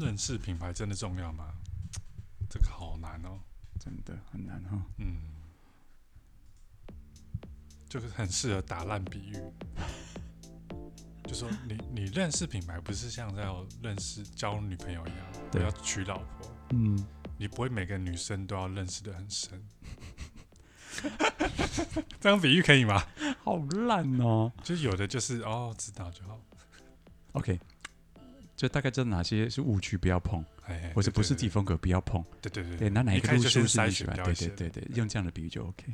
認識品牌真的重要嗎？這個好難哦，真的很難哈、哦。嗯，就是很適合打爛比喻， 就說你你認識品牌不是像要認識交女朋友一樣，對要娶老婆。嗯，你不會每個女生都要認識得很深。 這樣比喻可以嗎？好爛哦！就有的就是哦，知道就好。OK。就大概知道哪些是誤區不要碰，嘿嘿，或者不是自己風格不要碰。對，對對對，那對對對對哪，哪一個都是，是你喜歡。對對對對，用這樣的比喻就 OK。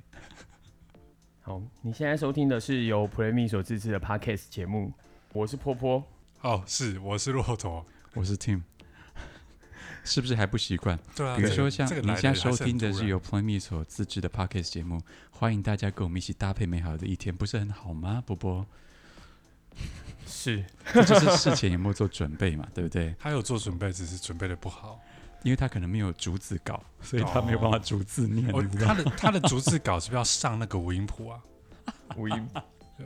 好，你現在收聽的是由 plain-me 所自制的 Podcast 節目，我是波波。哦，是，我是駱駝，我是 Tim。是不是還不習慣？對啊。比如說像對你現在收聽的是由 plain-me 所自制的 Podcast 節目，歡迎大家跟我們一起搭配美好的一天，不是很好嗎？波波。是，就是事前有沒有做準備嘛，對不對？他有做準備，只是準備的不好，因為他可能沒有逐字稿，所以他沒有辦法逐字念。哦，他的他的逐字稿是不是要上那個五音譜啊？五音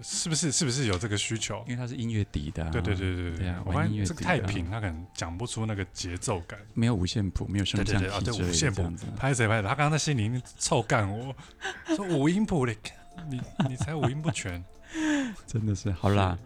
是不是是不是有這個需求？因為他是音樂底的，對對對對對啊，我音樂這個太平，他可能講不出那個節奏感，沒有五線譜，沒有像這樣對對，五線譜拍誰拍的？他剛剛在心裡臭幹我，說五音譜的，你你才五音不全，真的是好啦。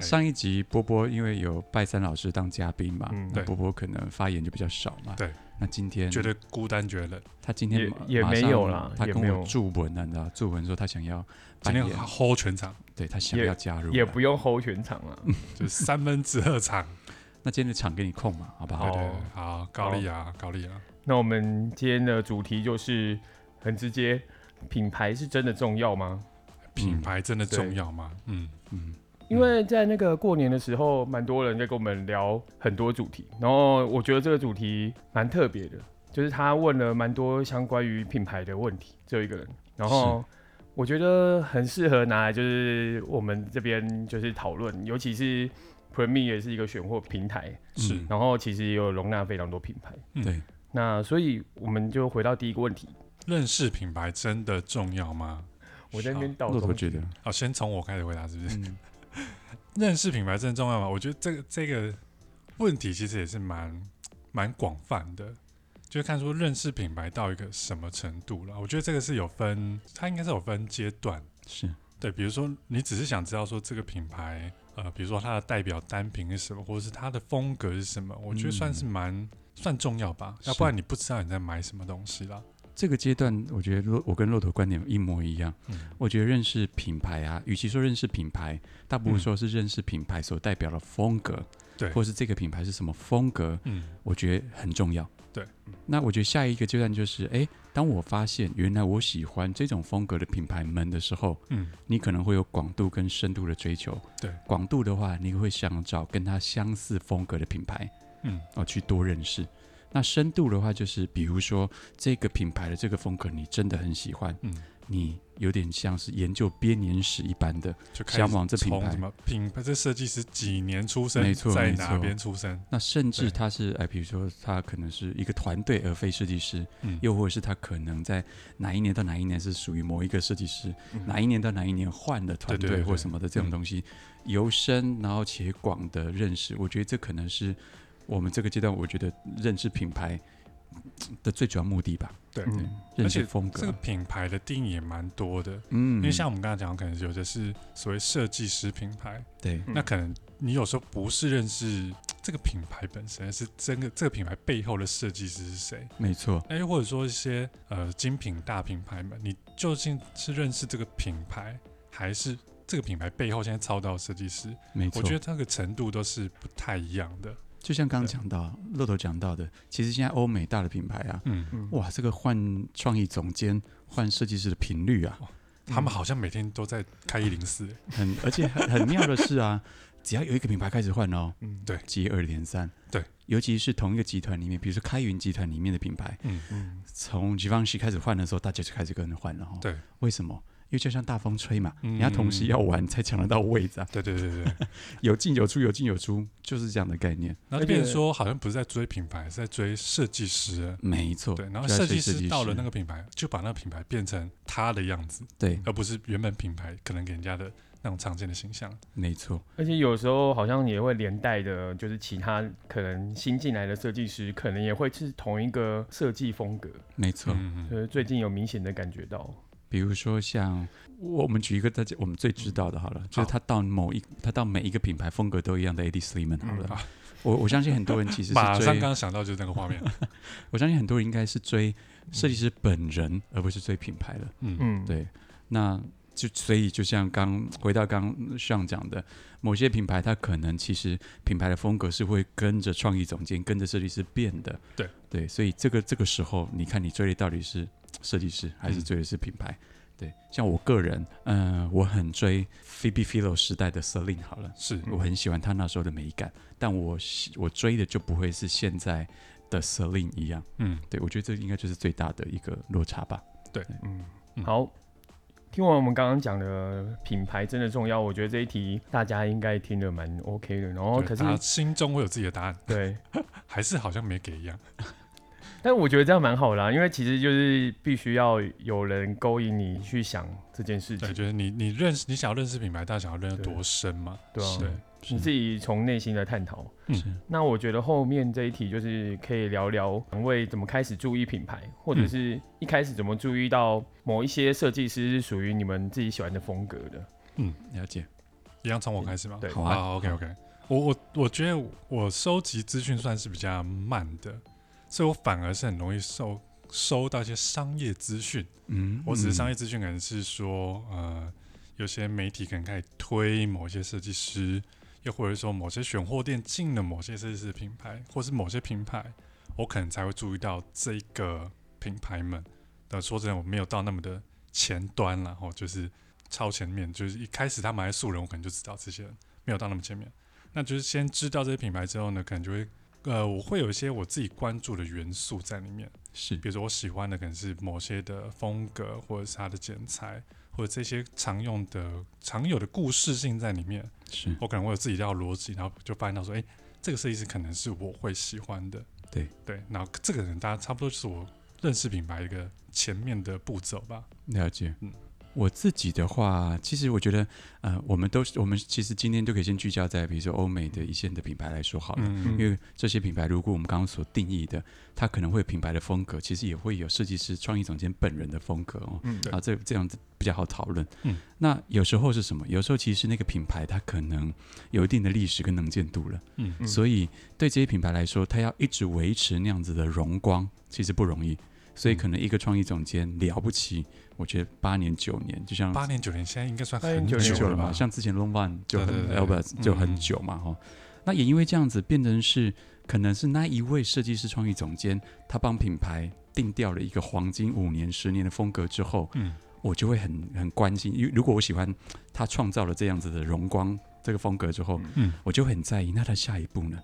上一集波波因為有拜三老師當嘉賓嘛，波波可能發言就比較少嘛。對，那今天覺得孤單，覺得冷。他今天也沒有了，他跟我助文你知道助文說他想要發言，hold 全場。對他想要加入，也不用 hold 全場了，就三分之二場。那今天的場給你控嘛，好不好？對，好高麗啊，高麗啊。那我們今天的主題就是很直接，品牌是真的重要嗎？品牌真的重要嗎？嗯嗯。因為在那個過年的時候，蠻、嗯、多人在跟我們聊很多主題，然後我覺得這個主題蠻特別的，就是他問了蠻多相關於品牌的問題，只有一個人，然後我覺得很適合拿來就是我們這邊就是討論，尤其是 plain-me 是一個選貨平台，是、嗯，然後其實有容納非常多品牌，對、嗯，那所以我們就回到第一個問題，嗯、問題認識品牌真的重要嗎？我在那邊倒騰，我怎麼覺得？好、哦，先從我開始回答，是不是？嗯認識品牌真的重要嗎？我覺得這個這個問題其實也是蠻蠻廣泛的，就看說認識品牌到一個什麼程度了。我覺得這個是有分，它應該是有分階段，是對。比如說，你只是想知道說這個品牌，呃，比如說它的代表單品是什麼，或者是它的風格是什麼，我覺得算是蠻、嗯、算重要吧，是要不然你不知道你在買什麼東西啦。這個階段，我覺得駱我跟駱駝觀點一模一樣。嗯、我覺得認識品牌啊，與其說認識品牌，倒不如說是認識品牌所代表的風格，嗯、對，或是這個品牌是什麼風格，嗯，我覺得很重要。對，那我覺得下一個階段就是，誒，當我發現原來我喜歡這種風格的品牌們的時候，嗯，你可能會有廣度跟深度的追求。對，廣度的話，你會想找跟它相似風格的品牌，嗯，哦，去多認識。那深度的話，就是比如說這個品牌的這個風格，你真的很喜歡，嗯，你有點像是研究編年史一般的，就看往這品牌什麼品牌這設計師幾年出生，沒錯沒錯，在哪邊出生？那甚至他是對哎，比如說他可能是一個團隊而非設計師，嗯，又或者是他可能在哪一年到哪一年是屬於某一個設計師，嗯、哪一年到哪一年換了團隊或什麼的這種東西，對對對對嗯、由深然後且廣的認識，我覺得這可能是。我們這個階段，我覺得認識品牌的最主要目的吧，對，對，嗯、認識風格，而且這個品牌的定義也蠻多的，嗯，因為像我們剛剛講的，可能有的是所謂設計師品牌，對，那可能你有時候不是認識這個品牌本身，是真的這個品牌背後的設計師是誰，沒錯，哎，或者說一些呃精品大品牌們，你究竟是認識這個品牌，還是這個品牌背後現在操刀設計師？沒錯，我覺得它的程度都是不太一樣的。就像剛剛講到對駱駝講到的，其實現在歐美大的品牌啊，嗯嗯、哇，這個換創意總監、換設計師的頻率啊，哦嗯、他們好像每天都在開一零四。很而且很妙的是啊， 只要有一個品牌開始換哦，嗯，對，接二連三，對，尤其是同一個集團裡面，比如說開雲集團裡面的品牌，嗯嗯，嗯從紀梵希開始換的時候，大家就開始跟着換了哈、哦。對，為什麼？因為就像大風吹嘛，人家、嗯、同時要玩才搶得到位子啊。對對對對， 有進有出，有進有出，就是這樣的概念。且然後變成說好像不是在追品牌，是在追設計師。沒錯錯。對，然後設計師到了那個品牌，就把那個品牌變成他的樣子。對，而不是原本品牌可能給人家的那種常見的形象。沒錯錯。而且有時候好像也會連帶的，就是其他可能新進來的設計師，可能也會是同一個設計風格。沒錯錯。嗯嗯。所以最近有明顯的感覺到。比如說像我們舉一個大家我們最知道的，好了，就是他到某一他到每一個品牌風格都一樣的 Hedi Slimane 好了，我我相信很多人其實馬上剛剛想到就是那個畫面，我相信很多人應該是追設計師本人而不是追品牌了。嗯嗯對，那就所以就像剛回到剛上講的，某些品牌它可能其實品牌的風格是會跟着創意總監跟着設計師變的，對對，所以這個這個時候你看你追的到底是。設計師還是追的是品牌，嗯、對，像我個人，嗯、呃，我很追菲比菲洛時代的 Celine，好了，是、嗯、我很喜歡他那時候的美感，但我我追的就不會是現在的 Celine 一樣，嗯，對，我覺得這應該就是最大的一個落差吧，對，對嗯，嗯，好，聽完我們剛剛講的品牌真的重要，我覺得這一題大家應該聽得蠻 OK 的，然後對可是心中會有自己的答案，對，還是好像沒給一樣。 但我覺得這樣蠻好啦，啊，因為其實就是必須要有人勾引你去想這件事情。對，就是你你認識，你想要認識品牌，但想要認識多深嘛？對,對啊，是你自己從內心的探討。嗯，那我覺得後面這一題就是可以聊聊兩位怎麼開始注意品牌，或者是一開始怎麼注意到某一些設計師是屬於你們自己喜歡的風格的。嗯，了解。一樣從我開始嗎？對，好啊。OK OK，我我我覺得我收集資訊算是比較慢的。所以，我反而是很容易收收到一些商業資訊。嗯，我只是商業資訊，可能是說，嗯、呃，有些媒體可能開始推某些設計師，又或者說某些選貨店進了某些設計師的品牌，或是某些品牌，我可能才會注意到這個品牌們。但說真的，我沒有到那麼的前端，然後就是超前面，就是一開始他們還素人，我可能就知道這些人，沒有到那麼前面。那就是先知道這些品牌之後呢，可能就會。呃，我會有一些我自己關注的元素在裡面，是，比如說我喜歡的可能是某些的風格，或者是它的剪裁，或者這些常用的、常有的故事性在裡面，是我可能我有自己要的邏輯，然後就發現到說，誒、欸，這個設計師可能是我會喜歡的，對對，然後這個人，大家差不多就是我認識品牌一個前面的步驟吧，了解，嗯。我自己的話，其實我覺得，呃，我們都是我們其實今天都可以先聚焦在比如說歐美的一線的品牌來說好了，嗯嗯，因為這些品牌如果我們剛剛所定義的，它可能會有品牌的風格，其實也會有設計師、創意總監本人的風格哦，嗯、對啊，這這樣子比較好討論。嗯、那有時候是什麼？有時候其實那個品牌它可能有一定的歷史跟能見度了，嗯嗯，所以對這些品牌來說，它要一直維持那樣子的榮光，其實不容易。所以可能一個創意總監了不起，我覺得八年九年，就像八年九年，現在應該算很久很久了吧？像之前 Long One 就很，不就很久嘛哈。嗯、那也因為這樣子，變成是可能是那一位設計師創意總監，他幫品牌定調了一個黃金五年、十、嗯、年的風格之後，嗯，我就會很很關心，因為如果我喜歡他創造了這樣子的榮光這個風格之後，嗯，我就很在意他的下一步呢，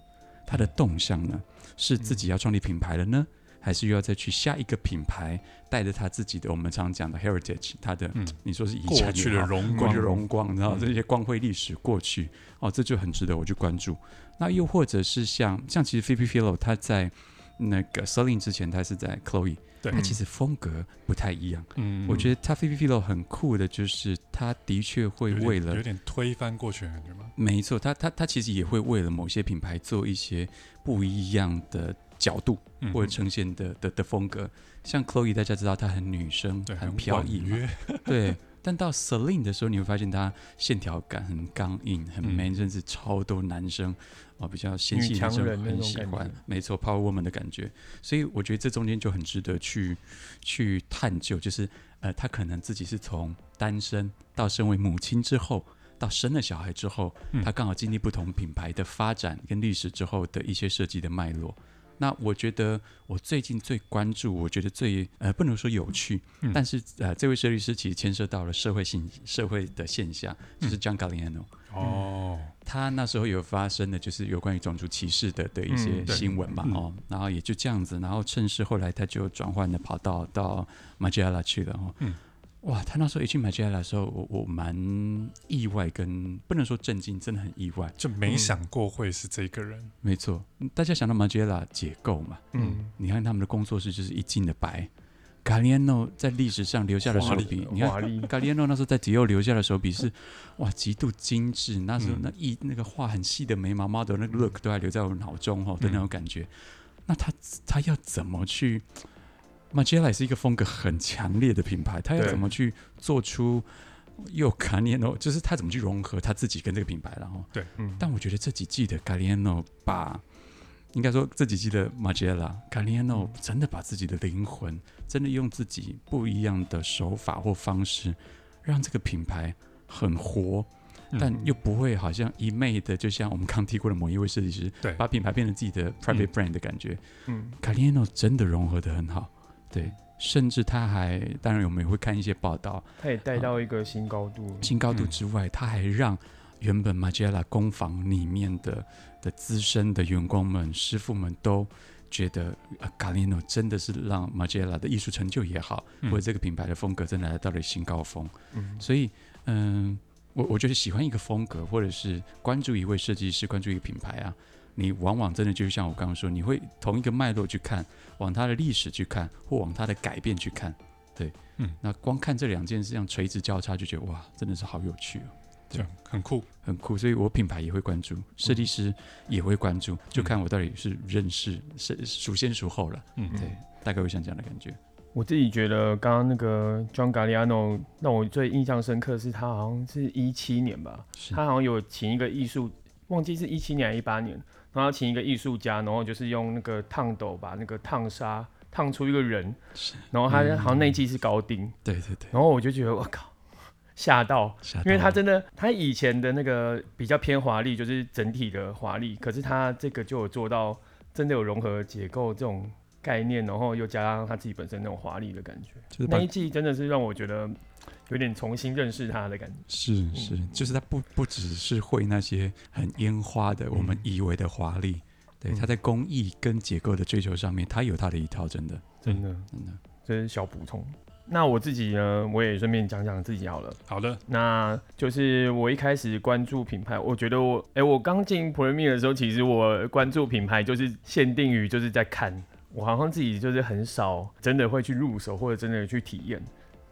他的動向呢，是自己要創立品牌了呢？嗯還是又要再去下一個品牌，帶着他自己的我們常講的 heritage，他的、嗯、你說是過去的榮光，榮光，嗯、然後這些光輝歷史過去，嗯、哦，這就很值得我去關注。那又或者是像像其實 Phoebe Philo 他在那個 Céline 之前，他是在 Chloe，對他其實風格不太一樣。嗯，我覺得他 Phoebe Philo 很酷的，就是他的確會為了有點，有點推翻過去的感覺嗎？沒錯，他他他其實也會為了某些品牌做一些不一樣的。角度或者呈現的、嗯、哼的的風格，像 Chloe 大家知道她很女生，對很飄逸，旺約 對。但到 Celine 的時候，你會發現她線條感很剛硬，很 man，、嗯、甚至超多男生啊，比較男性強生很喜歡。沒錯，Power Woman 的感覺。所以我覺得這中間就很值得去去探究，就是呃，她可能自己是從單身到身為母親之後，到生了小孩之後，嗯、她剛好經歷不同品牌的發展跟歷史之後的一些設計的脈絡。那我覺得我最近最關注，我覺得最呃不能說有趣，嗯、但是呃這位設計師其實牽涉到了社會性、社會的現象，就是 John Galliano、嗯、哦、嗯，他那時候有發生的就是有關於種族歧視的的一些新聞嘛、嗯、哦，然後也就這樣子，然後趁勢後來他就轉換的跑到到 Margiela 去了哦。嗯哇，他那時候一去馬吉拉的時候，我我蠻意外跟，跟不能說震驚，真的很意外，就沒想過會是這個人。嗯、沒錯，大家想到馬吉拉解構嘛，嗯、嗯，你看他們的工作室就是一逕的白。卡利安諾在歷史上留下的手筆，華麗你看卡利安諾那時候在迪奧留下的手筆是哇，極度精緻。那時候那一、嗯、那個畫很細的眉毛、model 那個 look 都還留在我腦中哈、哦、的、嗯、那種感覺。那他他要怎麼去？馬吉拉也是一個風格很強烈的品牌，他要怎麼去做出又卡利安諾？對就是他怎麼去融合他自己跟這個品牌，哦，然後對。嗯、但我覺得這幾季的卡利安諾把，應該說這幾季的馬吉拉卡利安諾真的把自己的靈魂，嗯、真的用自己不一樣的手法或方式，讓這個品牌很活，嗯、但又不會好像一味的，就像我們剛提過的某一位設計師，對把品牌變成自己的 private brand 的感覺。嗯，卡利安諾真的融合得很好。對，甚至他還，當然我們也會看一些報道，他也帶到一個新高度。啊、新高度之外，嗯、他還讓原本馬吉拉工坊裡面的的資深的員工們、師傅們都覺得，啊、呃，Galliano 真的是讓馬吉拉的藝術成就也好，嗯、或者這個品牌的風格真的來到了新高峰。嗯、所以，嗯、呃，我我就是喜歡一個風格，或者是關注一位設計師，關注一個品牌啊。你往往真的就像我剛剛說，你會同一個脈絡去看，往它的歷史去看，或往它的改變去看，對，嗯，那光看這兩件事，這樣垂直交叉就覺得哇，真的是好有趣哦，這樣、嗯、很酷，很酷。所以我品牌也會關注，設計師也會關注，嗯、就看我到底是認識是孰先孰後了，嗯，嗯，對，大概會像這樣的感覺。我自己覺得剛剛那個 John Galliano 讓我最印象深刻的是，他好像是一七年吧，是他好像有請一個藝術，忘記是一七年還一八年。然後請一個藝術家，然後就是用那個燙斗把那個燙沙燙出一個人，是然後他好像那一季是高定、嗯，對對對。然後我就覺得我靠，嚇到，嚇到，因為他真的，他以前的那個比較偏華麗，就是整體的華麗。可是他這個就有做到真的有融合結構這種概念，然後又加上他自己本身那種華麗的感覺。那一季真的是讓我覺得。有點重新認識他的感覺，是是，就是他不不只是會那些很煙花的，我們以為的華麗，嗯、對，他在工藝跟結構的追求上面，他有他的一套，真的，真的，真的、嗯，這是小補充。那我自己呢，我也順便講講自己好了。好的，那就是我一開始關注品牌，我覺得我，哎、欸，我剛進 plain-me 的時候，其實我關注品牌就是限定於就是在看，我好像自己就是很少真的會去入手或者真的去體驗。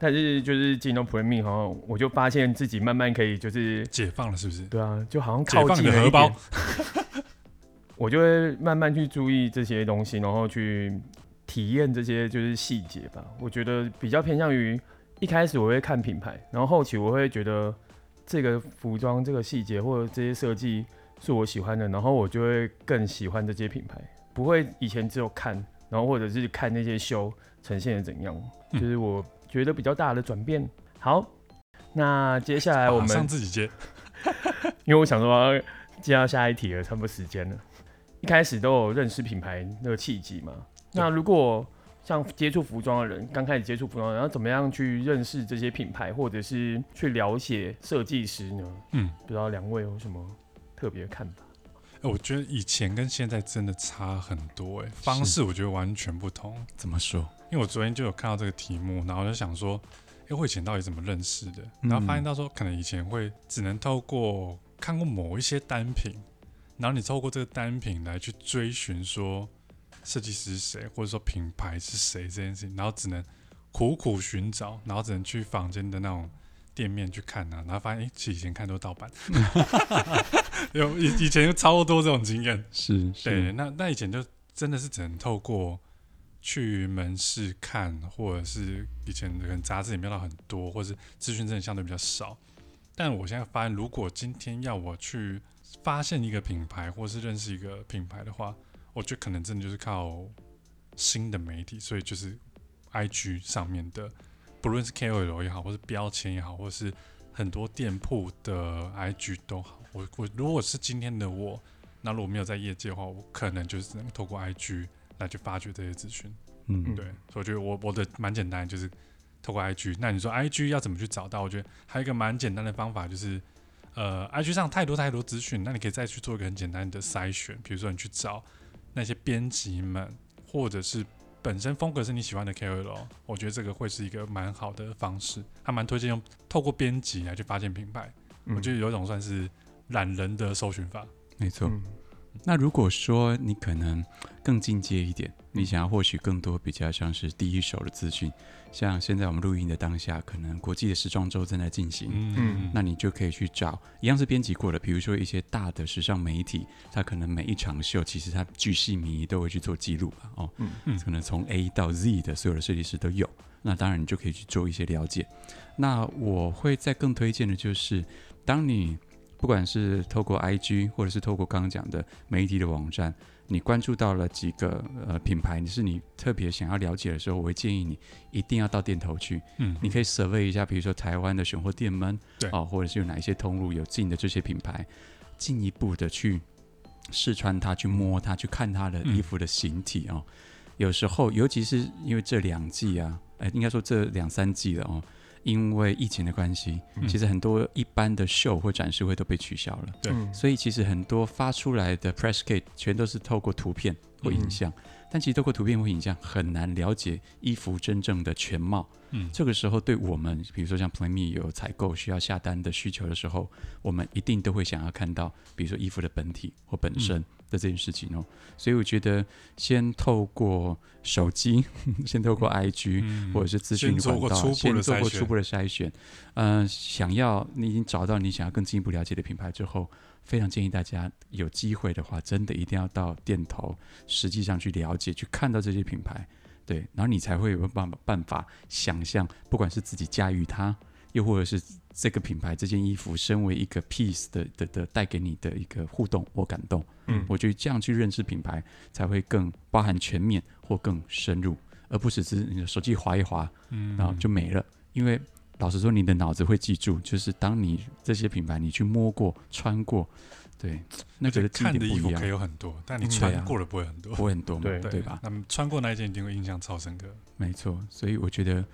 但是就是進入 plain-me 好像，我就發現自己慢慢可以就是解放了，是不是？對啊，就好像靠近了解放荷包，一點 我就會慢慢去注意這些東西，然後去體驗這些就是細節吧。我覺得比較偏向於一開始我會看品牌，然後後期我會覺得這個服裝這個細節或者這些設計是我喜歡的，然後我就會更喜歡這些品牌。不會以前只有看，然後或者是看那些秀呈現的怎樣，就是我。嗯覺得比較大的轉變。好，那接下來我們上自己接， 因為我想說，接到下一題了，差不多時間了。一開始都有認識品牌那個契機嘛？那如果像接觸服裝的人，剛開始接觸服裝，然後怎麼樣去認識這些品牌，或者是去了解設計師呢？嗯，不知道兩位有什麼特別的看法？我覺得以前跟現在真的差很多欸，方式我覺得完全不同。怎麼說？因為我昨天就有看到這個題目，然後我就想說，哎、欸，我以前到底怎麼認識的？然後發現到說，可能以前會只能透過看過某一些單品，然後你透過這個單品來去追尋說設計師是誰，或者說品牌是誰這件事情，然後只能苦苦尋找，然後只能去坊間的那種。店面去看吶、啊，然後發現哎，欸、其實以前看都是盜版。 有以以前就超多這種經驗。是，對，那那以前就真的是只能透過去門市看，或者是以前可能雜誌裡面到很多，或是資訊真的相對比較少。但我現在發現，如果今天要我去發現一個品牌，或是認識一個品牌的話，我覺得可能真的就是靠新的媒體，所以就是 IG 上面的。不論是 KOL 也好，或是標籤也好，或是很多店鋪的 IG 都好，我我如果是今天的我，那如果沒有在業界的話，我可能就是能透過 IG 來去發掘這些資訊。嗯，對，所以我覺得我我的蠻簡單，就是透過 IG。那你說 IG 要怎麼去找到？我覺得還有一個蠻簡單的方法，就是呃，IG 上太多太多資訊，那你可以再去做一個很簡單的篩選，比如說你去找那些編輯們，或者是。本身風格是你喜歡的 KOL，我覺得這個會是一個蠻好的方式。他蠻推薦用透過編輯來去發現品牌，嗯、我覺得有一種算是懶人的搜尋法。沒錯。嗯那如果說你可能更進階一點，你想要獲取更多比較像是第一手的資訊，像現在我們錄音的當下，可能國際的時裝周正在進行，嗯，那你就可以去找一樣是編輯過的，比如說一些大的時尚媒體，它可能每一場秀其實它巨細靡遺都會去做記錄吧？哦，嗯，可能從 A 到 Z 的所有的設計師都有，那當然你就可以去做一些了解。那我會再更推薦的就是，當你。不管是透過 IG，或者是透過剛剛講的媒體的網站，你關注到了幾個呃品牌，你是你特別想要了解的時候，我會建議你一定要到店頭去。嗯哼，你可以 survey 一下，比如說台灣的選貨店們，對哦，或者是有哪一些通路有進的這些品牌，進一步的去試穿它，去摸它，去看它的衣服的形體哦。嗯、有時候，尤其是因為這兩季啊，呃，應該說這兩三季了哦。因為疫情的關係，嗯、其實很多一般的秀或展示會都被取消了。對所以其實很多發出來的 press kit 全都是透過圖片或影像。嗯嗯但其實透過圖片或影像很難了解衣服真正的全貌。嗯，這個時候對我們，比如說像 plain-me 有採購需要下單的需求的時候，我們一定都會想要看到，比如說衣服的本體或本身的這件事情哦。嗯、所以我覺得，先透過手機，先透過 IG、嗯、或者是資訊管道，先做過初步的篩選。嗯、呃，想要你已經找到你想要更進一步了解的品牌之後。非常建議大家有機會的話，真的一定要到店頭，實際上去了解、去看到這些品牌，對，然後你才會有辦辦法想象，不管是自己駕馭它，又或者是這個品牌這件衣服，身為一個 piece 的的的帶給你的一個互動或感動，嗯，我覺得這樣去認識品牌才會更包含全面或更深入，而不是只是你的手機滑一滑，嗯，然後就沒了，因為。老實說，你的腦子會記住，就是當你這些品牌你去摸過、穿過，對，那個的看的衣服可以有很多，但你穿、啊、穿過的不會很多，不會很多，對對吧？那麼穿過那一件一定會印象超深刻，沒錯。所以我覺得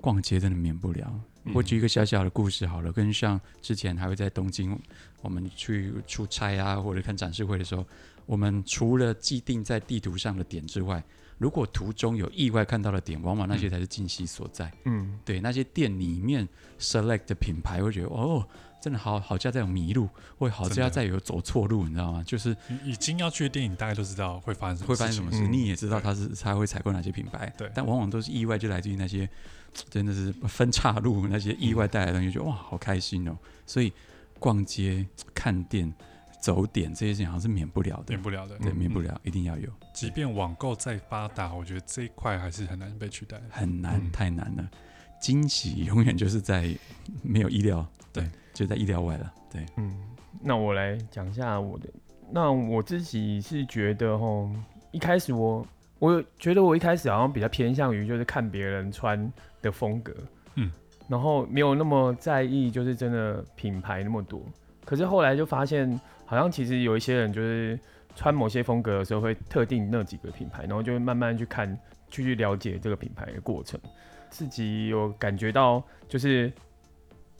逛街真的免不了。嗯、哼我舉一個小小的故事好了，跟像之前還會在東京，我們去出差啊，或者看展示會的時候，我們除了既定在地圖上的點之外。如果途中有意外看到的點，往往那些才是驚喜所在。嗯，嗯對，那些店裡面 select 的品牌，會覺得哦，真的好好像在有迷路，會好像在有走錯路，的你知道嗎？就是已經要去的店，你大概都知道會發生什麼事情，會發生什麼事，嗯、你也知道他是對他會採購哪些品牌。對，但往往都是意外，就來自於那些真的是分岔路，那些意外帶來的東西就。就、嗯、哇，好開心哦。所以逛街看店。走點這些事情，好像是免不了的，免不了的，對，免不了，嗯、一定要有。即便網購再發達，我覺得這一塊還是很難被取代的，很難，嗯、太難了。驚喜永遠就是在沒有意料，對，對就在意料外了，對。嗯，那我來講一下我的，那我自己是覺得，齁，一開始我，我覺得我一開始好像比較偏向於就是看別人穿的風格，嗯，然後沒有那麼在意，就是真的品牌那麼多，可是後來就發現。好像其實有一些人就是穿某些風格的時候會特定那幾個品牌，然後就會慢慢去看、去了解這個品牌的過程。自己有感覺到就是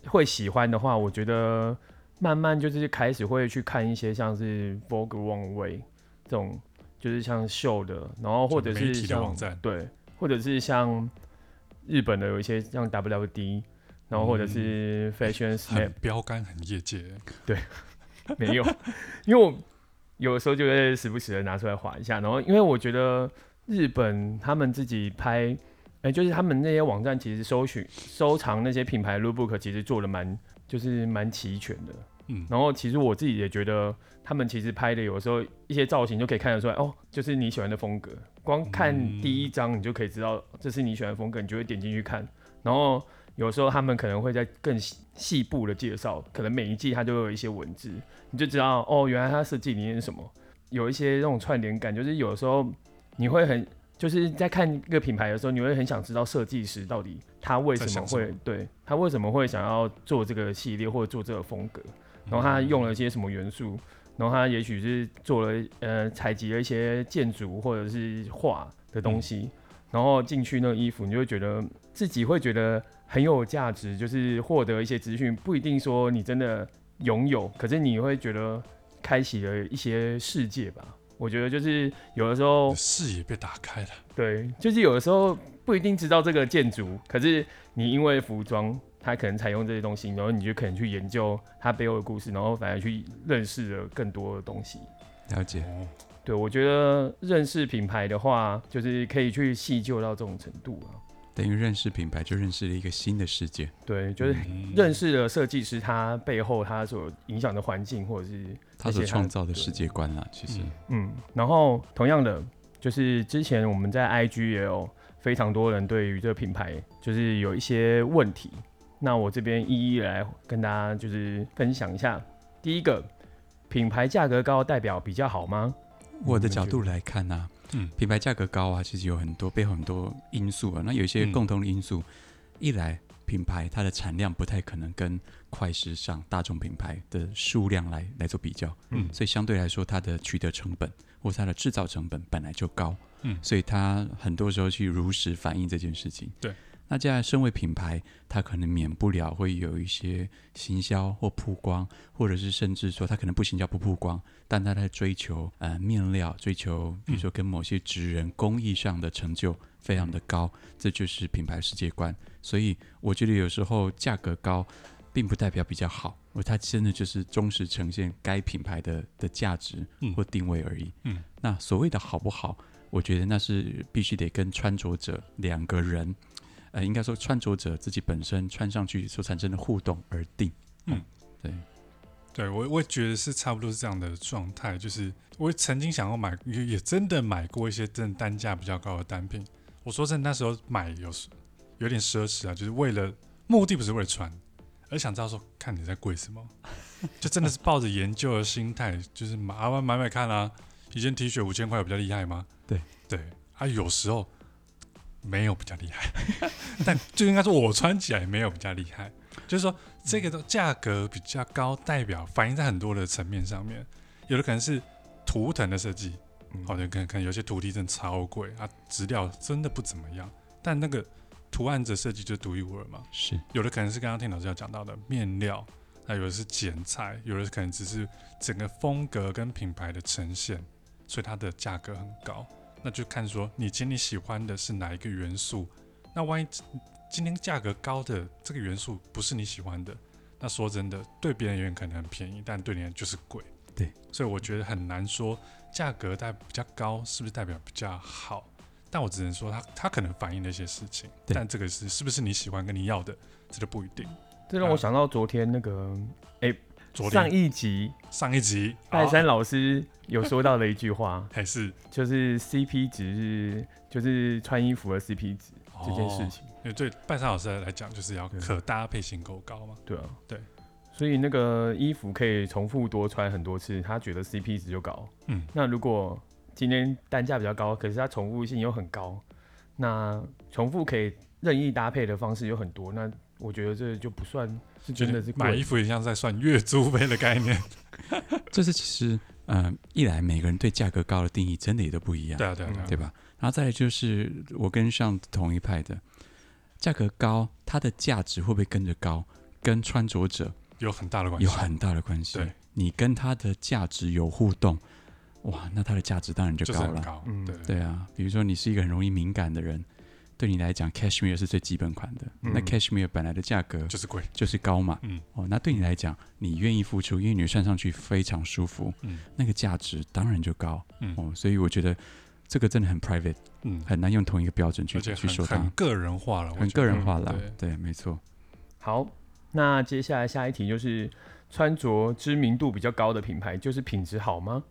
會喜歡的話，我覺得慢慢就是開始會去看一些像是 Vogue、One Way 這種，就是像秀的，然後或者是的網站對，或者是像日本的有一些像 WWD，然後或者是 Fashion Snap 很標、嗯、杆，很業界對。 沒有，因為我有的時候就會時不時的拿出來滑一下，然後因為我覺得日本他們自己拍，哎，就是他們那些網站其實收取收藏那些品牌 lookbook 其實做的蠻就是蠻齊全的。嗯，然後其實我自己也覺得，他們其實拍的有的時候一些造型就可以看得出來，哦，就是你喜歡的風格，光看第一張你就可以知道這是你喜歡的風格，你就會點進去看，然後。有時候他們可能會在更細細部的介紹，可能每一季它都會有一些文字，你就知道哦，原來它設計理念是什麼。有一些那種串聯感，就是有時候你會很就是在看一個品牌的時候，你會很想知道設計師到底他為什麼會在想什麼？對，他為什麼會想要做這個系列或者做這個風格，然後他用了一些什麼元素，嗯、然後他也許是做了呃採集了一些建築或者是畫的東西，嗯、然後進去那個衣服，你就會覺得。自己會覺得很有價值，就是獲得一些資訊，不一定說你真的擁有，可是你會覺得開啟了一些世界吧。我覺得就是有的時候視野被打開了，對，就是有的時候不一定知道這個建築，可是你因為服裝，它可能採用這些東西，然後你就可能去研究它背後的故事，然後反而去認識了更多的東西。了解，嗯，對，我覺得認識品牌的話，就是可以去細究到這種程度啊。等於認識品牌，就認識了一個新的世界。對，就是認識了設計師，他背後他所影響的環境，或者是他，他所創造的世界觀了。對其實嗯，嗯，然後同樣的，就是之前我們在 IG 也有非常多人對於這個品牌就是有一些問題，那我這邊一一來跟大家就是分享一下。第一個，品牌價格高代表比較好嗎？我的角度來看呢，啊，嗯，品牌價格高啊，其實有很多背後很多因素啊。那有一些共同的因素，嗯、一來品牌它的產量不太可能跟快時尚、大眾品牌的數量來來做比較，嗯，所以相對來說它的取得成本或它的制造成本,本本來就高，嗯，所以它很多時候去如實反映這件事情，對。那在身為品牌，它可能免不了會有一些行銷或曝光，或者是甚至說它可能不行銷不曝光，但它在追求呃面料，追求比如說跟某些職人工藝上的成就非常的高，嗯、這就是品牌世界觀。所以我覺得有時候價格高，並不代表比較好，而它真的就是忠實呈現該品牌的的價值或定位而已。嗯，那所謂的好不好，我覺得那是必須得跟穿着者兩個人。呃，應該說穿着者自己本身穿上去所產生的互動而定。嗯，嗯、對，對，對我我也覺得是差不多是這樣的狀態。就是我曾經想要買，也也真的買過一些真的單價比較高的單品。我說真的，那時候買有有點奢侈啊，就是為了目的不是為了穿，而想知道說看你在貴什麼，就真的是抱着研究的心態，就是買啊買買看啊。一件 T 恤五千塊有比較厲害嗎？對對，啊，有時候。沒有比較厲害， 但就應該說，我穿起來也沒有比較厲害。就是說，這個的價格比較高，代表反映在很多的層面上面。有的可能是圖騰的設計，好的，看看有些圖地真的超貴，它質料真的不怎麼樣，但那個圖案的設計就獨一無二嘛。是有的可能是剛剛聽老師要講到的面料，那有的是剪裁，有的可能只是整個風格跟品牌的呈現，所以它的價格很高。那就看說你今天你喜歡的是哪一個元素，那萬一今天價格高的這個元素不是你喜歡的，那說真的，對別人而言可能很便宜，但對你就是貴。對，所以我覺得很難說價格代表比較高是不是代表比較好，但我只能說他他可能反映那些事情，對但這個是是不是你喜歡跟你要的，這都不一定。嗯、這讓我想到昨天那個，哎、欸。昨天上一集，上一集，拜山老師有說到的一句話，還是、哦、就是 CP 值是，就是穿衣服的 CP 值、哦、這件事情。對，拜山老師來講，就是要可搭配性夠高嘛，對。對啊，對，所以那個衣服可以重複多穿很多次，他覺得 CP 值就高。嗯，那如果今天單價比較高，可是它重複性又很高，那重複可以任意搭配的方式有很多。那我覺得這就不算是真的，是買衣服也像在算月租費的概念。這是其實，呃，一來每個人對價格高的定義真的也都不一樣，對啊對啊對吧？然後再來就是，我跟上同一派的，價格高，它的價值會不會跟着高？跟穿着者有很大的關係，有很大的關係。對，你跟它的價值有互動，哇，那它的價值當然就高了。嗯，對啊，比如說你是一個很容易敏感的人。對你來講，cashmere 是最基本款的。嗯、那 cashmere 本來的價格就是貴，就是高嘛。嗯、哦，那對你來講，你願意付出，因為你穿上去非常舒服。嗯，那個價值當然就高。嗯，哦，所以我覺得這個真的很 private，嗯，很難用同一個標準去去說它。很個人化了，很個人化了，很個人化了。對，對，沒錯。好，那接下來下一題就是：穿着知名度比較高的品牌，就是品質好嗎？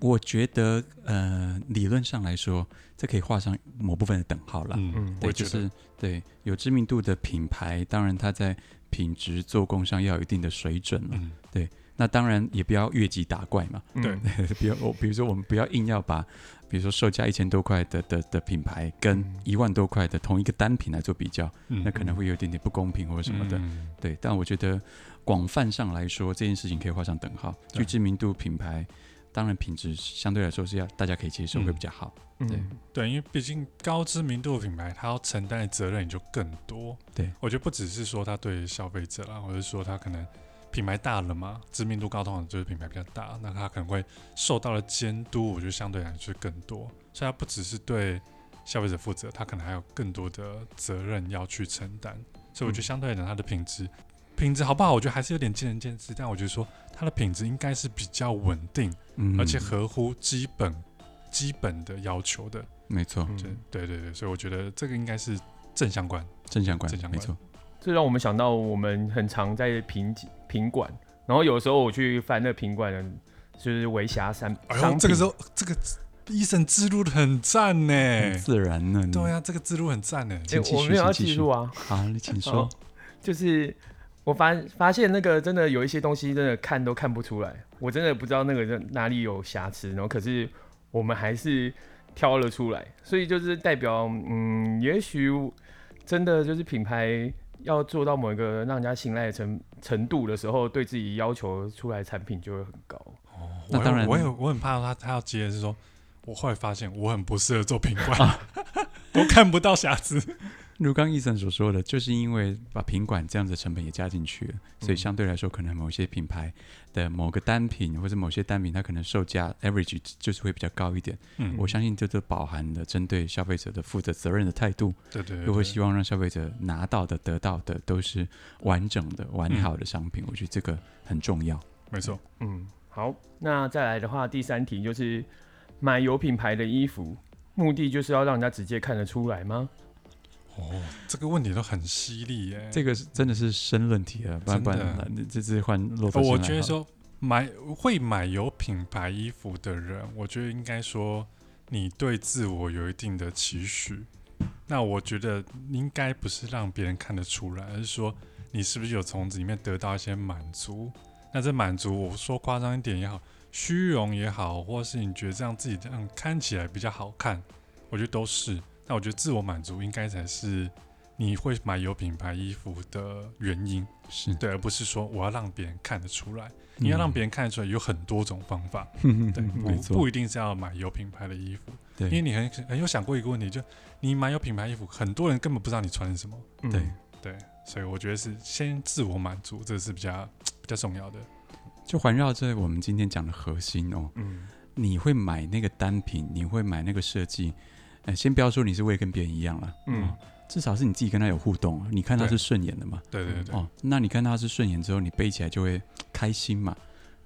我覺得，呃，理論上來說，這可以畫上某部分的等號了。嗯，對，就是對有知名度的品牌，當然它在品質、做工上要有一定的水準了。嗯、對，那當然也不要越級打怪嘛。對、嗯，不要，比如說我們不要硬要把，比如說售價一千多塊的的的品牌跟一萬多塊的同一個單品來做比較，嗯、那可能會有一點點不公平或者什麼的。嗯、對，但我覺得廣泛上來說，這件事情可以畫上等號，對具知名度品牌。當然，品質相對來說是要大家可以接受會比較好。嗯，對，對，因為畢竟高知名度的品牌，它要承擔的責任也就更多。對，我覺得不只是說它對於消費者啦，或者是說它可能品牌大了嘛，知名度高的話，就是品牌比較大，那它可能會受到了監督，我覺得相對來說更多。所以它不只是對消費者負責，它可能還有更多的責任要去承擔。所以我覺得相對來講，它的品質。嗯品質好不好？我覺得還是有點見仁見智，但我覺得說它的品質應該是比較穩定，嗯、而且合乎基本、基本的要求的。沒錯錯，對、嗯、對對對，所以我覺得這個應該是正相關，正相關，正相關。錯這讓我們想到我們很常在平品管，然後有時候我去翻那平管，就是維霞山。哎呦，品這個時候這個醫生記錄的很贊呢。自然呢？對呀、啊，這個記錄很贊呢。請、欸、我們要記錄啊。好，你請說， 就是。我發發現那個真的有一些東西真的看都看不出來，我真的不知道那個那哪裡有瑕疵，然後可是我們還是挑了出來，所以就是代表，嗯，也許真的就是品牌要做到某一個讓人家信賴的程程度的時候，對自己要求出來的產品就會很高。哦，那當然，我也我，我很怕他他要接的是說，我後來發現我很不適合做品管，啊、 都看不到瑕疵。 如剛 Eason 所說的，就是因為把品管這樣子的成本也加進去了，嗯、所以相對來說，可能某些品牌的某個單品或者某些單品，它可能售價 average 就是會比較高一點。嗯，我相信這都包含了針對消費者的負責責任的態度，對對，對對，又會希望讓消費者拿到的得到的都是完整的完好的商品。嗯、我覺得這個很重要，沒錯錯。嗯，好，那再來的話，第三題就是買有品牌的衣服，目的就是要讓人家直接看得出來嗎？哦，這個問題都很犀利耶、欸。這個是真的是申論題了、啊，不然不然，的這這換、哦。我覺得說買好會買有品牌衣服的人，我覺得應該說你對自我有一定的期許。那我覺得應該不是讓別人看得出來，而是說你是不是有從這裡面得到一些滿足？那這滿足，我說誇張一點也好，虛榮也好，或是你覺得這樣自己這樣看起來比較好看，我覺得都是。那我覺得自我滿足應該才是你會買有品牌衣服的原因，是對，而不是說我要讓別人看得出來。嗯、你要讓別人看得出來，有很多種方法，嗯、對，沒錯，不一定是要買有品牌的衣服。對，因為你很很有想過一個問題，就你買有品牌衣服，很多人根本不知道你穿什麼。嗯、對，對，所以我覺得是先自我滿足，這是比較比較重要的。就環繞着我們今天講的核心哦，嗯、你會買那個單品，你會買那個設計。先不要說你是胃跟別人一樣了，嗯，至少是你自己跟他有互動，你看他是順眼的嘛。對，對對對，哦，那你看他是順眼之後，你背起來就會開心嘛。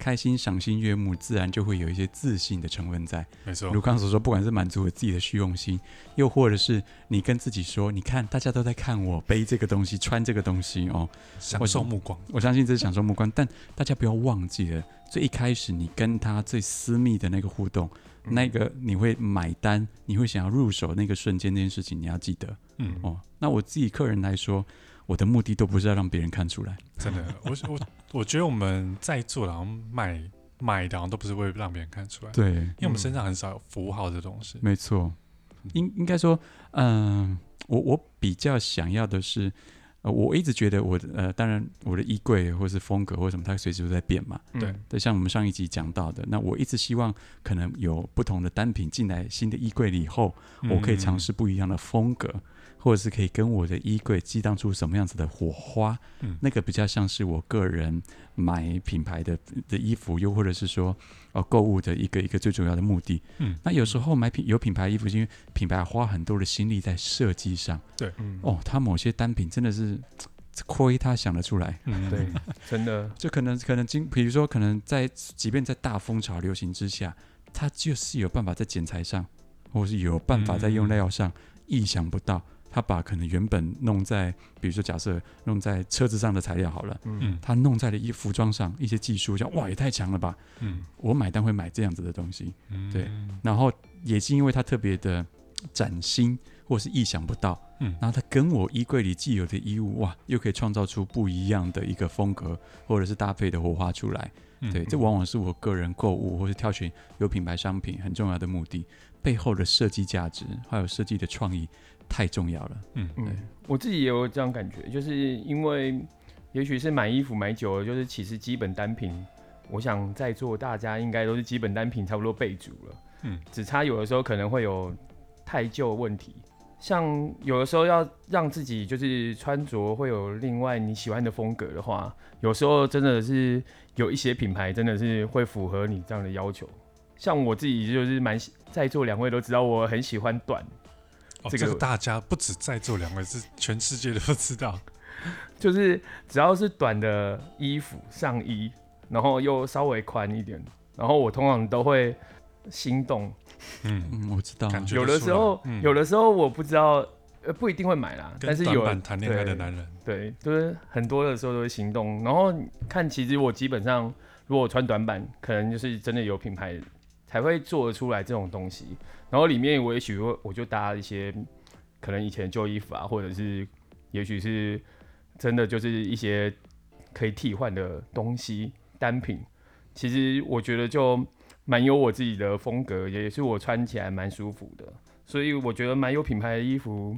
開心、賞心悅目，自然就會有一些自信的成分在。如剛所說，不管是滿足我自己的虛榮心，又或者是你跟自己說：“你看，大家都在看我背這個東西、穿這個東西哦，享受目光。”我，我相信這是享受目光， 但大家不要忘記了，最一開始你跟他最私密的那個互動，嗯、那個你會買單、你會想要入手那個瞬間，那件事情你要記得。嗯哦，那我自己客人來說。我的目的都不是要讓別人看出來，真的，我我我覺得我們在做，然後買的，然後都不是為了讓別人看出來，對，因為我們身上很少有符號的東西、嗯，沒錯，應應該說，嗯、呃，我我比較想要的是，呃，我一直覺得我的呃，當然我的衣櫃或是風格或什麼，它隨時都在變嘛，對，對，像我們上一集講到的，那我一直希望可能有不同的單品進來新的衣櫃裡以後，我可以嘗試不一樣的風格。嗯或者是可以跟我的衣櫃激盪出什麼樣子的火花？嗯，那個比較像是我個人買品牌的的衣服，又或者是說，哦、呃，購物的一個一個最重要的目的。嗯，那有時候買品有品牌衣服，因為品牌花很多的心力在設計上。對，嗯、哦，他某些單品真的是虧他想得出來。嗯，對，真的， 就可能可能今，比如說可能在即便在大風潮流行之下，他就是有辦法在剪裁上，或是有辦法在用料上，嗯、意想不到。他把可能原本弄在，比如說假設弄在車子上的材料好了，嗯，他弄在了一服裝上，一些技術，像哇也太強了吧，嗯，我買單會買這樣子的東西，嗯，對，然後也是因為他特別的嶄新或是意想不到，嗯，然後他跟我衣櫃裡既有的衣物哇，又可以創造出不一樣的一個風格或者是搭配的火花出來，嗯，對，嗯，這往往是我個人購物或是挑選有品牌商品很重要的目的，背後的設計價值還有設計的創意。太重要了，嗯嗯，對我自己也有這樣感覺，就是因為也許是買衣服買久了，就是其實基本單品，我想在座大家應該都是基本單品差不多備足了，嗯，只差有的時候可能會有太舊的問題，像有的時候要讓自己就是穿着會有另外你喜歡的風格的話，有時候真的是有一些品牌真的是會符合你這樣的要求，像我自己就是蠻喜，在座兩位都知道我很喜歡短。哦這個、這個大家不只在座兩位 是全世界都知道，就是只要是短的衣服上衣，然後又稍微寬一點，然後我通常都會心動。嗯，我知道，感覺有的時候、嗯、有的時候我不知道，呃，不一定會買啦。但是有談戀愛的男人對，對，就是很多的時候都會心動。然後看，其實我基本上如果我穿短版，可能就是真的有品牌，才會做得出來這種東西，然後裡面我也許我我就搭一些可能以前舊衣服啊，或者是也許是真的就是一些可以替換的東西單品。其實我覺得就蠻有我自己的風格，也是我穿起來蠻舒服的。所以我覺得蠻有品牌的衣服，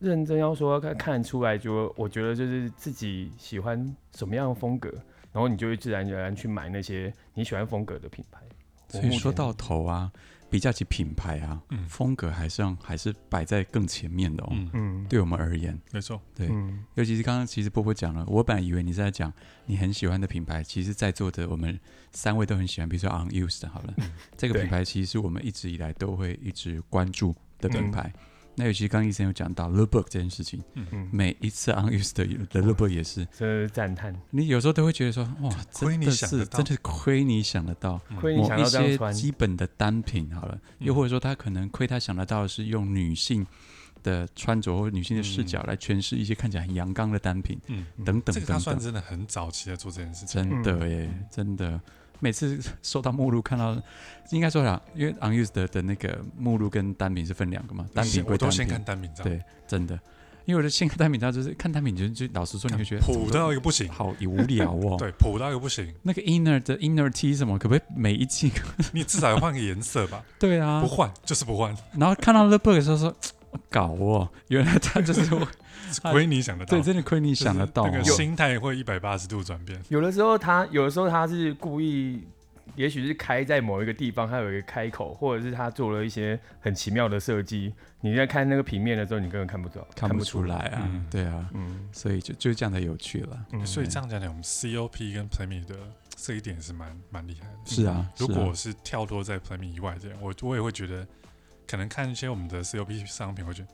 認真要說看出來就，就我覺得就是自己喜歡什麼樣的風格，然後你就會自然而然去買那些你喜歡風格的品牌。所以說到頭啊，比較起品牌啊，嗯、風格還是讓還是擺在更前面的哦。嗯嗯、對我們而言，沒錯，對。嗯、尤其是剛剛，其實波波講了，我本來以為你是在講你很喜歡的品牌，其實在座的我們三位都很喜歡，比如說 Unused 好了，嗯、這個品牌其實是我們一直以來都會一直關注的品牌。對嗯那尤其剛剛醫生有講到 lookbook 這件事情，每一次 UNUSED 的的 lookbook 也是，這讚嘆。你有時候都會覺得說，哇，真的是真的是虧你想得到，某一些基本的單品好了，又或者說他可能虧他想得到是用女性的穿着或女性的視角來詮釋一些看起來很陽剛的單品，等等等等。他算真的很早期在做這件事情，真的耶，真的。每次收到目錄看到，應該說啥？因為 unused 的、的那個目錄跟單品是分兩個嘛，是單品、單品我都先看單品，對，真的。因為我的先、就是、 看單品照就是看單品，就就老實說你會覺得普到一個不行，好無聊哦。 對，普到一個不行。那個 inner 的 inner T 什麼，可不可以每一季你至少要換個顏色吧？ 對啊，不換就是不換。然後看到 the book 的時候說。搞哦！原來他就是虧 你想得到，對，真的虧你想得到。那個心態會一百八十度轉變有。有的時候他，有的時候他是故意，也許是開在某一個地方，他有一個開口，或者是他做了一些很奇妙的設計。你在看那個平面的時候，你根本看不到，看不出來啊。來嗯、對啊，嗯，所以就就這樣的有趣了。嗯、所以這樣講講，我們 COP 跟 plain-me 的設計點是蠻蠻厲害的。是啊，嗯、是啊，如果我是跳脫在 plain-me 以外這樣，我我也會覺得。可能看一些我們的 CUP 商品會覺得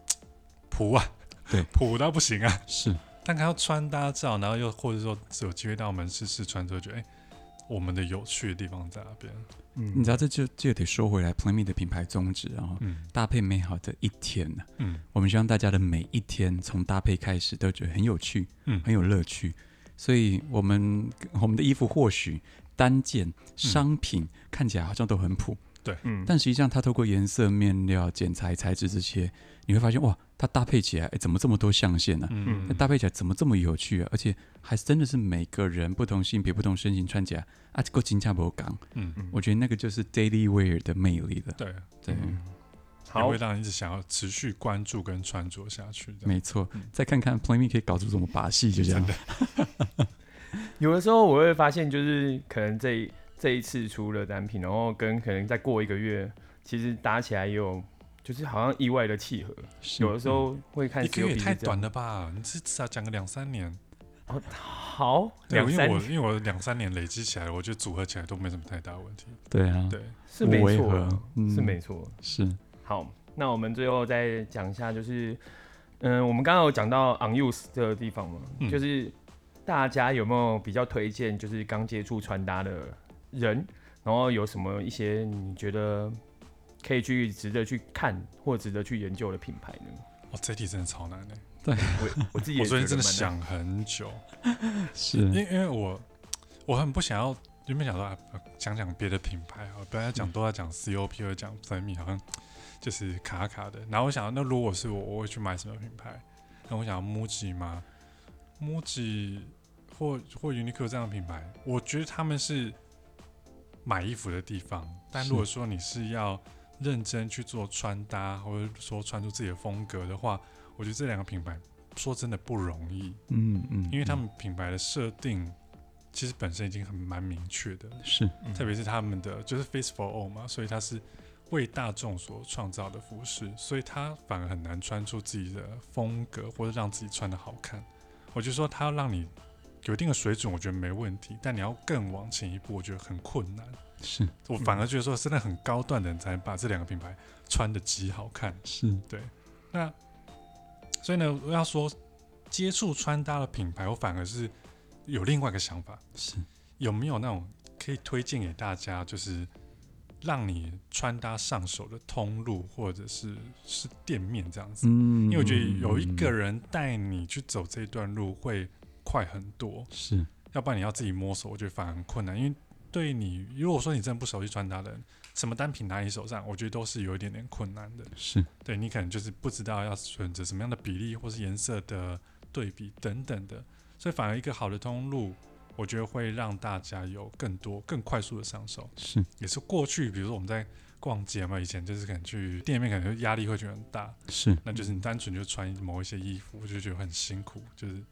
普啊，對，普到不行啊，是。但看到穿搭照，然後又或者說只有機會到我們試試穿之後，覺得哎、欸，我們的有趣的地方在那邊。嗯、你知道這就這個得說回來，plain-me 的品牌宗旨啊，搭、嗯、配美好的一天呢、啊。嗯，我們希望大家的每一天從搭配開始都覺得很有趣，嗯，很有樂趣。所以我們我們的衣服或許。單件商品看起來好像都很普，對，但實際上它透過顏色、面料、剪裁、材質這些，你會發現哇，它搭配起來，哎，怎麼這麼多象限呢？那搭配起來怎麼這麼有趣啊？而且還真的是每個人不同性別、不同身形穿起來，啊，夠親不夠剛。嗯，我覺得那個就是 daily wear 的魅力了。對對，也會讓人一直想要持續關注跟穿着下去。沒錯，再看看 plain-me 可以搞出什麼把戲，就這樣。有的時候我會發現，就是可能這一這一次出的單品，然後跟可能再過一個月，其實搭起來也有，就是好像意外的契合。是有的時候會看這。一個月太短了吧？你至少講個兩三年。哦，好。兩對三年因，因為我兩三年累積起來，我覺得組合起來都沒什麼太大問題。對啊。對，是沒錯，嗯、是沒錯。是。好，那我們最後再講一下，就是嗯、呃，我們剛剛有講到 unused 這個地方嘛，就是。嗯大家有沒有比較推薦？就是剛接觸穿搭的人，然後有什麼一些你覺得可以去值得去看或值得去研究的品牌呢？哦，這題真的超難的，欸。對，欸，我我自己也真的想很久，是，因為因為我我很不想要原本想說啊，講講別的品牌啊，不要講都，嗯、要講 COP，和講森米，好像就是卡卡的。然後我想，那如果是我，我會去買什麼品牌？那我想要 MUJI 嗎？MUJI 或或 Uniqlo 這樣的品牌，我覺得他們是買衣服的地方。但如果說你是要認真去做穿搭，或者說穿出自己的風格的話，我覺得這兩個品牌說真的不容易。嗯嗯，嗯嗯，因為他們品牌的設定其實本身已經很蠻明確的，是、嗯、特別是他們的就是 Face for All 嘛，所以它是為大眾所創造的服飾，所以它反而很難穿出自己的風格，或者讓自己穿得好看。我就說他要讓你有一定的水準，我覺得沒問題。但你要更往前一步，我覺得很困難。是，我反而覺得說，真的很高端的人才能把這兩個品牌穿得極好看。是對。那所以呢，我要說接觸穿搭的品牌，我反而是有另外一個想法。是，有沒有那種可以推薦給大家？就是。讓你穿搭上手的通路，或者是是店面這樣子，因為我覺得有一個人帶你去走這一段路會快很多，是，要不然你要自己摸索，我覺得反而困難，因為對，你如果說你真的不熟悉穿搭的人，什麼單品拿你手上，我覺得都是有一點點困難的，是，對，你可能就是不知道要選擇什麼樣的比例，或是顏色的對比等等的，所以反而一個好的通路。我覺得會讓大家有更多、更快速的上手，是，也是過去，比如說我們在逛街嘛，以前就是可能去店面，可能壓力會覺得很大，是，那就是你單純就穿某一些衣服，我就覺得很辛苦，就是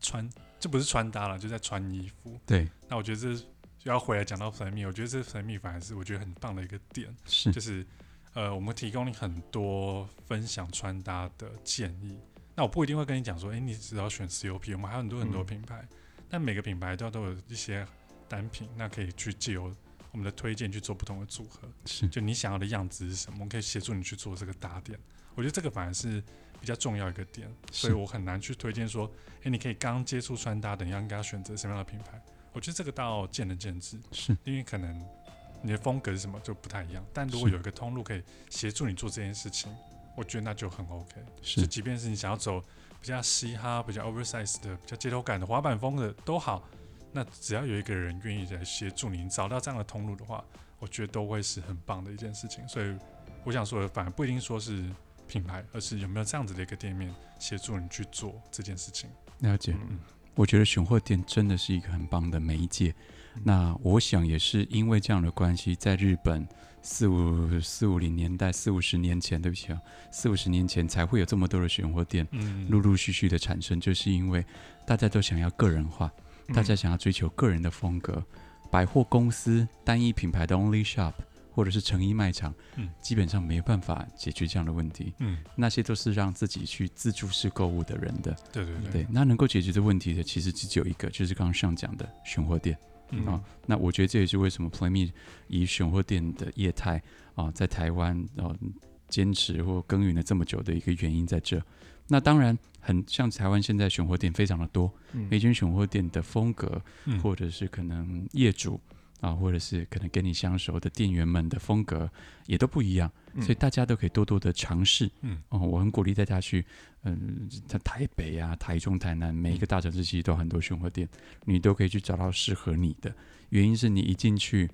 穿就不是穿搭了，就在穿衣服。對，那我覺得這是要回來講到 plain-me，我覺得這 plain-me 反而是我覺得很棒的一個點，是，就是呃，我們提供你很多分享穿搭的建議，那我不一定會跟你講說，哎、欸，你只要選 COP，我們還有很多很多品牌。嗯但每個品牌都都有一些單品，那可以去借由我們的推薦去做不同的組合。是，就你想要的樣子是什麼，我可以協助你去做這個打點。我覺得這個反而是比較重要一個點，是所以我很難去推薦說，誒、欸，你可以剛接觸穿搭的，等一下應該要選擇什麼樣的品牌。我覺得這個倒見仁見智，是因為可能你的風格是什麼就不太一樣。但如果有一個通路可以協助你做這件事情，我覺得那就很 OK。是，就即便是你想要走。比較嘻哈、比較 oversize 的、比較街頭感的滑板風的都好，那只要有一個人願意來協助你，你找到這樣的通路的話，我覺得都會是很棒的一件事情。所以我想說的，的反而不一定說是品牌，而是有沒有這樣子的一個店面協助你去做這件事情。了解。嗯我覺得選貨店真的是一個很棒的媒介。那我想也是因為這樣的關係，在日本四五、四五零年代、四五十年前，對不起啊，四五十年前才會有這麼多的選貨店，嗯、陸陸續續的產生，就是因為大家都想要個人化，大家想要追求個人的風格，嗯、百貨公司單一品牌的 Only Shop。或者是成衣賣場，嗯，基本上沒有辦法解決這樣的問題，嗯，那些都是讓自己去自助式購物的人的，對對對，對那能夠解決這問題的，其實只有一個，就是剛剛上講的選貨店，嗯、哦，那我覺得這也是為什麼 plain-me 以選貨店的業態啊、哦，在台灣堅、哦、持或耕耘了這麼久的一個原因在這。那當然，很像台灣現在選貨店非常的多，每間選貨店的風格或者是可能業主。嗯啊，或者是可能跟你相熟的店員們的風格也都不一樣，嗯、所以大家都可以多多的嘗試。嗯、哦，我很鼓勵大家去，嗯、呃，在台北啊、台中、台南，每一個大城市其實都有很多選貨店，嗯、你都可以去找到適合你的。原因是你一進去，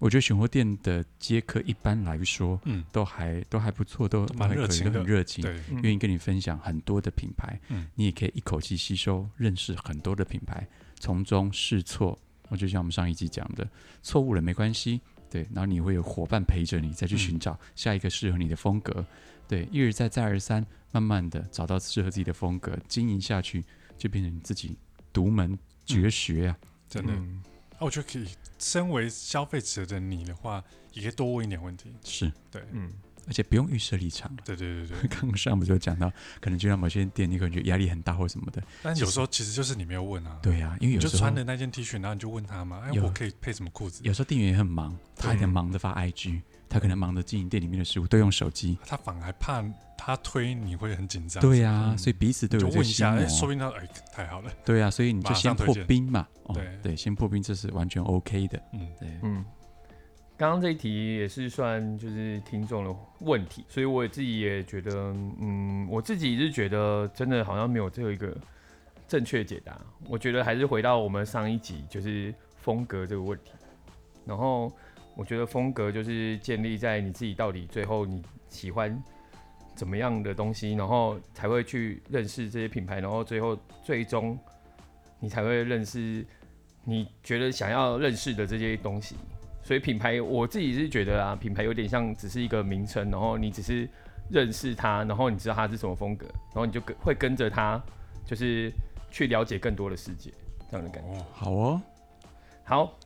我覺得選貨店的接客一般來說，嗯、都還都還不錯，都蠻熱情很熱情，願、嗯、意跟你分享很多的品牌。嗯、你也可以一口氣吸收認識很多的品牌，從中試錯。我就像我們上一集講的，錯誤了沒關係，對，然後你會有夥伴陪着你，再去尋找下一個適合你的風格，嗯、對，一而再，再而三，慢慢的找到適合自己的風格，經營下去，就變成你自己獨門、嗯、絕學啊。真的、嗯啊。我覺得可以，身為消費者的你的話，也可以多問一點問題，是對，嗯。而且不用預設立場。對對對對。剛上不就講到，可能就讓某些店你感覺壓力很大或什麼的。但有時候其實就是你沒有問啊。對啊，因為有時候穿的那件 T 恤，然後你就問他嘛，哎，我可以配什麼褲子？有時候店員也很忙，他很忙着發 IG，他可能忙着經營店裡面的事物，都用手機。他反而怕他推你會很緊張。對啊，所以彼此都有問一下，說不定他哎太好了。對啊，所以你就先破冰嘛。對對，先破冰這是完全 OK 的。嗯，對。嗯。剛剛這一題也是算就是聽眾的問題，所以我自己也覺得，嗯，我自己是覺得真的好像沒有最後一個正確解答。我覺得還是回到我們上一集就是風格這個問題，然後我覺得風格就是建立在你自己到底最後你喜歡怎麼樣的東西，然後才會去認識這些品牌，然後最後最終你才會認識你覺得想要認識的這些東西。所以品牌，我自己是覺得啊，品牌有點像只是一個名稱，然後你只是認識它，然後你知道它是什麼風格，然後你就跟會跟着它，就是去了解更多的世界，這樣的感覺。哦，好哦，好，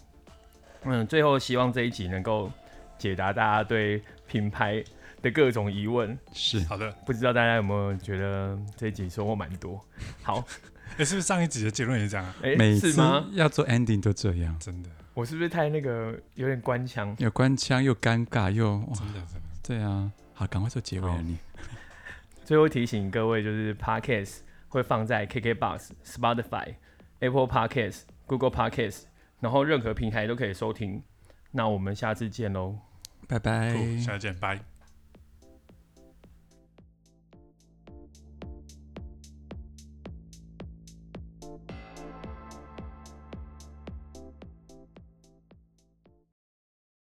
嗯，最後希望這一集能夠解答大家對品牌的各種疑問。是，好的，不知道大家有沒有覺得這一集收穫蠻多？好，哎、欸，是不是上一集的結論也這樣？哎、欸，每次要做 ending 都這樣，真的。我是不是太那個有點官腔？有官腔又尷尬又哇，對啊，好，趕快做結尾了。好你最後提醒各位，就是 Podcast 會放在 KKBox、Spotify、Apple Podcast、Google Podcast，然後任何平台都可以收聽。那我們下次見嘍，拜拜 bye，下次見，拜。